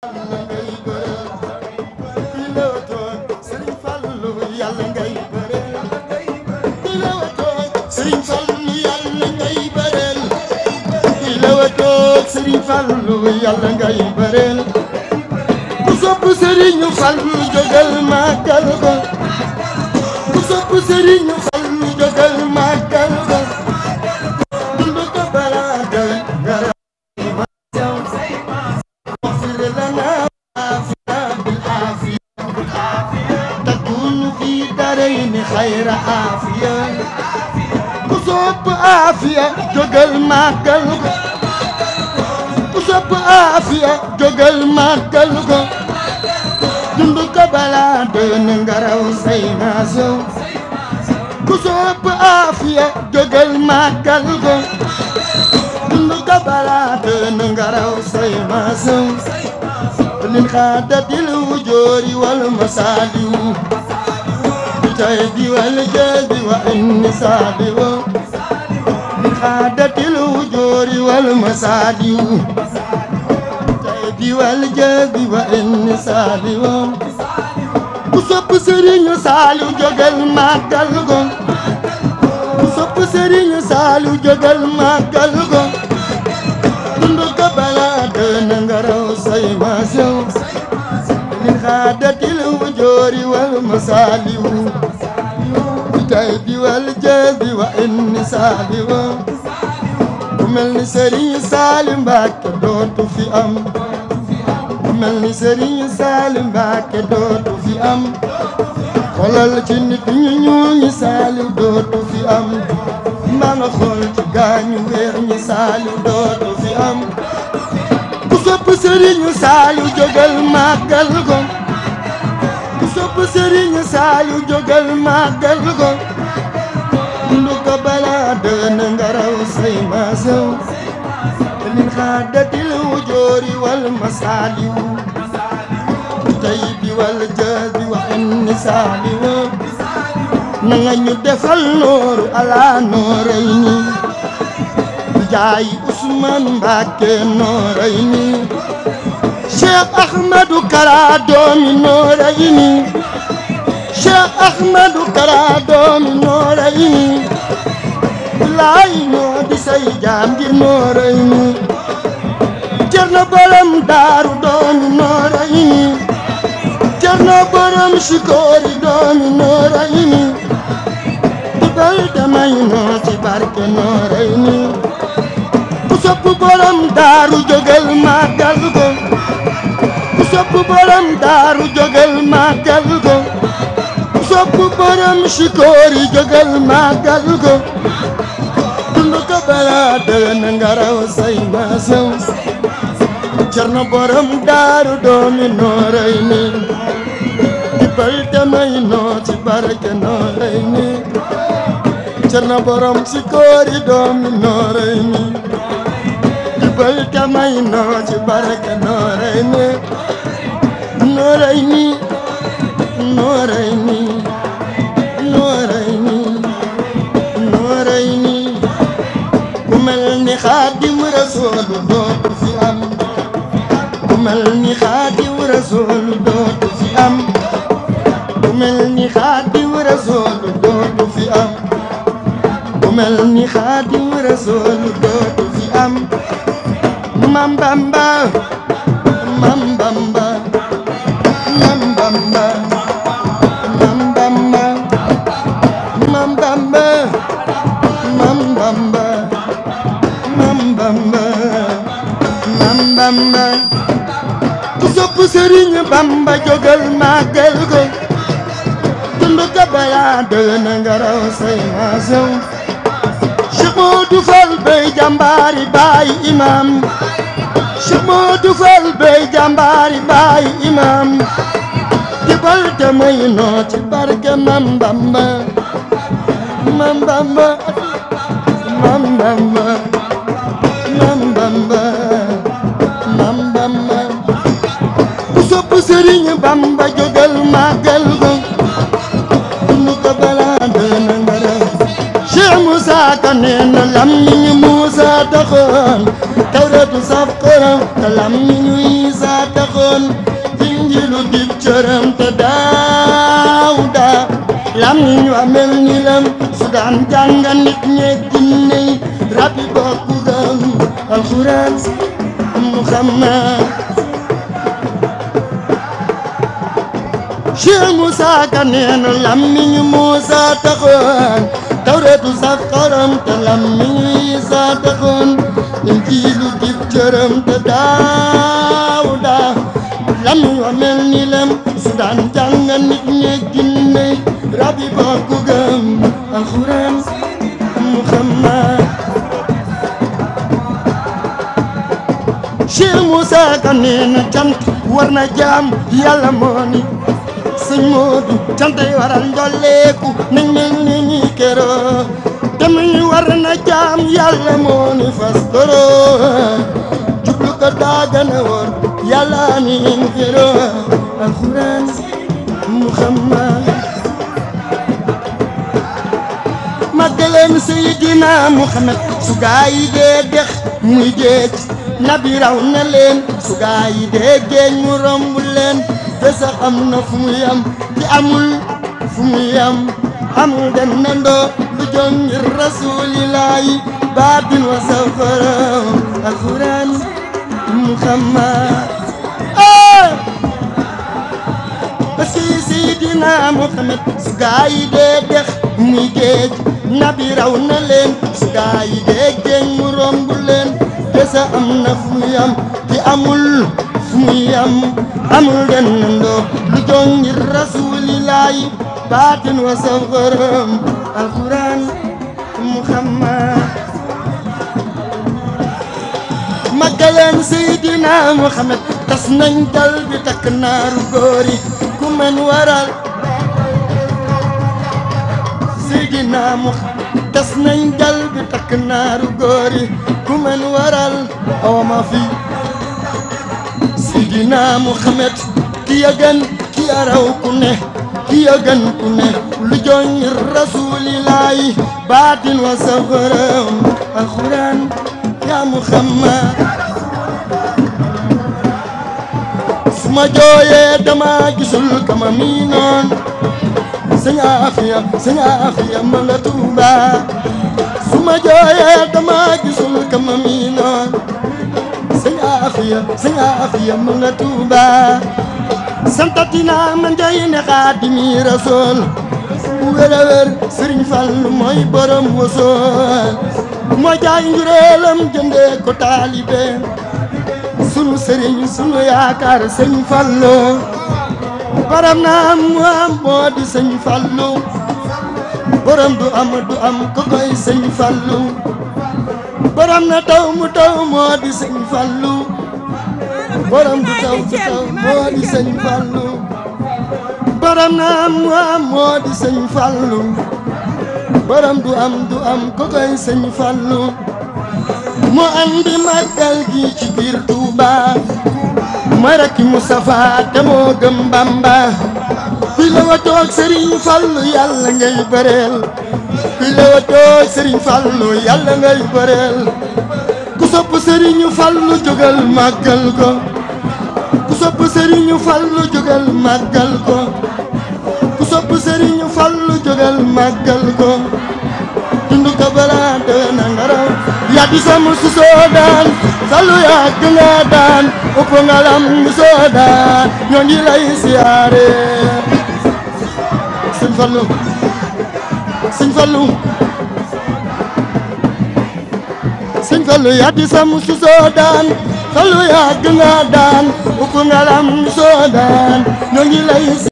sëriñ Fallu yàlla ngay bëreel ku sopp sëriñu Fallu jógal màggal ko ku sopp xayr aafiya ku sopp aafiya jógal màggal ko ku sopp aafiya jógal màggal ko dund ko balaa dën ngaraw say naa sow ku sopp aafiya jógal màggal ko dund ko balaa dën ngaraw say naa sow min xaadatil wujoori wal masaaliw الزيد والجاد والنساب من عادة الوجور والمساد الزيد والجاد والنساب ku sopp Serigne Saliou jógal màggal ko ku sopp Serigne Saliou jógal màggal ko dund ko balaa dëna nga raw say maas yow min xaadatil wujoori wal masaaliwu والهيب والجذب وإني سالم وملني سري سالم باك دوت في أم وملني سري سالم باك دوت في أم xolal ku sopp sëriñ ñu saaliw jógal màggal sëriñ saalu jógal màggal ko lu ko balaa dëna ngaraw say maasew min xaadatil wujoori wal masaaliw tey wal jaabi wa inni saaliw na nga ñu defal nooru ala nooray ni jaay Usmaan Mbàkke nooray ni Cheikh doomi nooray Cheikh Ahmadou Kara doomi Nooreeyni bilaay di say jaam ngir Cerno borom daaru doomi Nooreeyni Cerno borom sikoori doomi Nooreeyni dibal damay ci barke Nooreeyni ku sopp borom daaru jógal màggal ko ku sopp borom daaru jógal màggal sikoor yi jógal màggal ko dund ko balaa dëgg na raw say maasaw Cerno borom daaru doomi nooray ni dibbal demay noo ci barke nooray ni Cerno borom sikoor yi doomi nooray ni dibbal demay noo ci barke nooray ni nooray ni rasul dootu fi am ku mel ni xaadim rasul dootu fi am ku mel ni xaadim rasul dootu fi am ku mel ni xaadim rasul dootu fi am Mam Bamba Bamba jógal màggal ko dund baay imam Cheikh Modou Fall bay jàmbaari barke Mam Bamba Bamba jógal màggal ga dund ko balaa dana mara Cheikh Moussa Ka nee na lam ñu Moussa taxoon tawreetu saf xoram te lam ñu Isa taxoon Injiilu dib cëram te Daawuda lam ñu amel ni lam su daan jànga nit ñee ginne rabi bokku gam alxuraan Muhammad Cheikh Moussa Ka nee na lammiñu Moussa taxoon tawreetu saf xaram lammiñu Isa taxoon injiilu dib cëram te daawuda lammiñ wa ni lem su daan jàng nit ñi ginne rabi ba ku gëm alxuraan Muhammad Cheikh Moussa Ka nee na cant war na jaam yàlla moo sëñ Moodu cantay waral njolleeku nañ mel ni ñi këroo te muy war na jaam yàlla moo ni fas këroo jublu ko daa a wóor yàlla amiin këroo alxuraan muhammad màggaleen Seydina Muhammad yi dee dex muy géej nabi raw na leen su yi dee mu romb leen te sax am na fu mu yam ki amul fu mu yam amul dem nandoo lu jóg ngir baatin wa safaram alxuraan muhammad parce eh! que Seydina Muhammad su gaa yi dee dex muy géej nabi raw na leen su yi dee géej mu romb leen te sax na fu mu yam amul mihiyam amul dendandoo lu jóg ngir rasulillahi baatin wa safëram alquran muhammad màggaleen seydina muhammad tas nañ dal bi takk naaru góor yi ku men ku men waral awama fii sidina Muhammad ki ya ki ya ku ne ki ya ku ne lu joñ rasulillahi baatin wa safaram alxuraan ya Muhammad su ma jooyee dama gisul kama mi noon sëñ Afia sëñ Afia Tuuba su ma jooyee dama gisul kama mi sëñ Afia sëñ Afia mu nga Touba santatina man jay ne xaadimi rasool sëriñ Fallu mooy borom wasool moo jaay jëndee ko taalibe sunu sëriñ sunu yaakaar sëñ Fallu baram naa mu am moo di sëñ Fallu borom du am du am ko koy sëñ Fallu borom na taw mu taw moo di sëñ Fallu borom du taw du sëñ Fallu borom na am mu sëñ Fallu borom du am du am ko sëñ Fallu mu andi màggal gi ci biir Touba mooy rakki te moo Bamba bi la Fallu yàlla ngay bëreel ku lewa tooy sëriñ Fallu yàlla ngay bëreel ku ku sopp sëriñu Fallu jógal màggal ko ku sopp sëriñu Fallu jógal màggal ko dundu ko balaa déwén na yaa di sàmm su soo daan yaa gën daan ëpp nga lam soo daan ñoo ngi lay siyaare Fallu Sëñ Fallu Sëñ di sa musu soo daan Fallu yaa gën a daan ukku ngalam soo daan